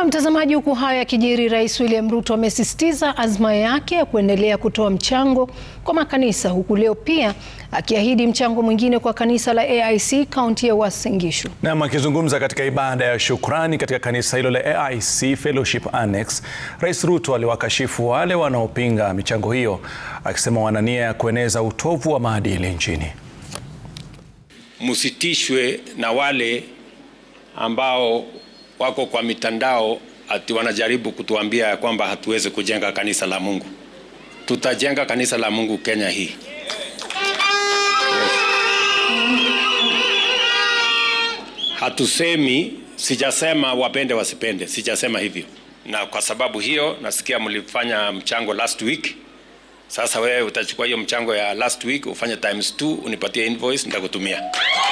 Na mtazamaji, huku hayo yakijiri, Rais William Ruto amesisitiza azma yake ya kuendelea kutoa mchango kwa makanisa, huku leo pia akiahidi mchango mwingine kwa kanisa la AIC kaunti ya Uasin Gishu. Nam akizungumza katika ibada ya shukrani katika kanisa hilo la AIC Fellowship Annex, Rais Ruto aliwakashifu wale wanaopinga michango hiyo, akisema wana nia ya kueneza utovu wa maadili nchini. Msitishwe na wale ambao wako kwa mitandao ati wanajaribu kutuambia ya kwamba hatuwezi kujenga kanisa la Mungu. Tutajenga kanisa la Mungu Kenya hii. Hatusemi, sijasema wapende wasipende, sijasema hivyo, na kwa sababu hiyo nasikia mlifanya mchango last week. Sasa wewe utachukua hiyo mchango ya last week ufanye times 2 unipatie invoice nitakutumia.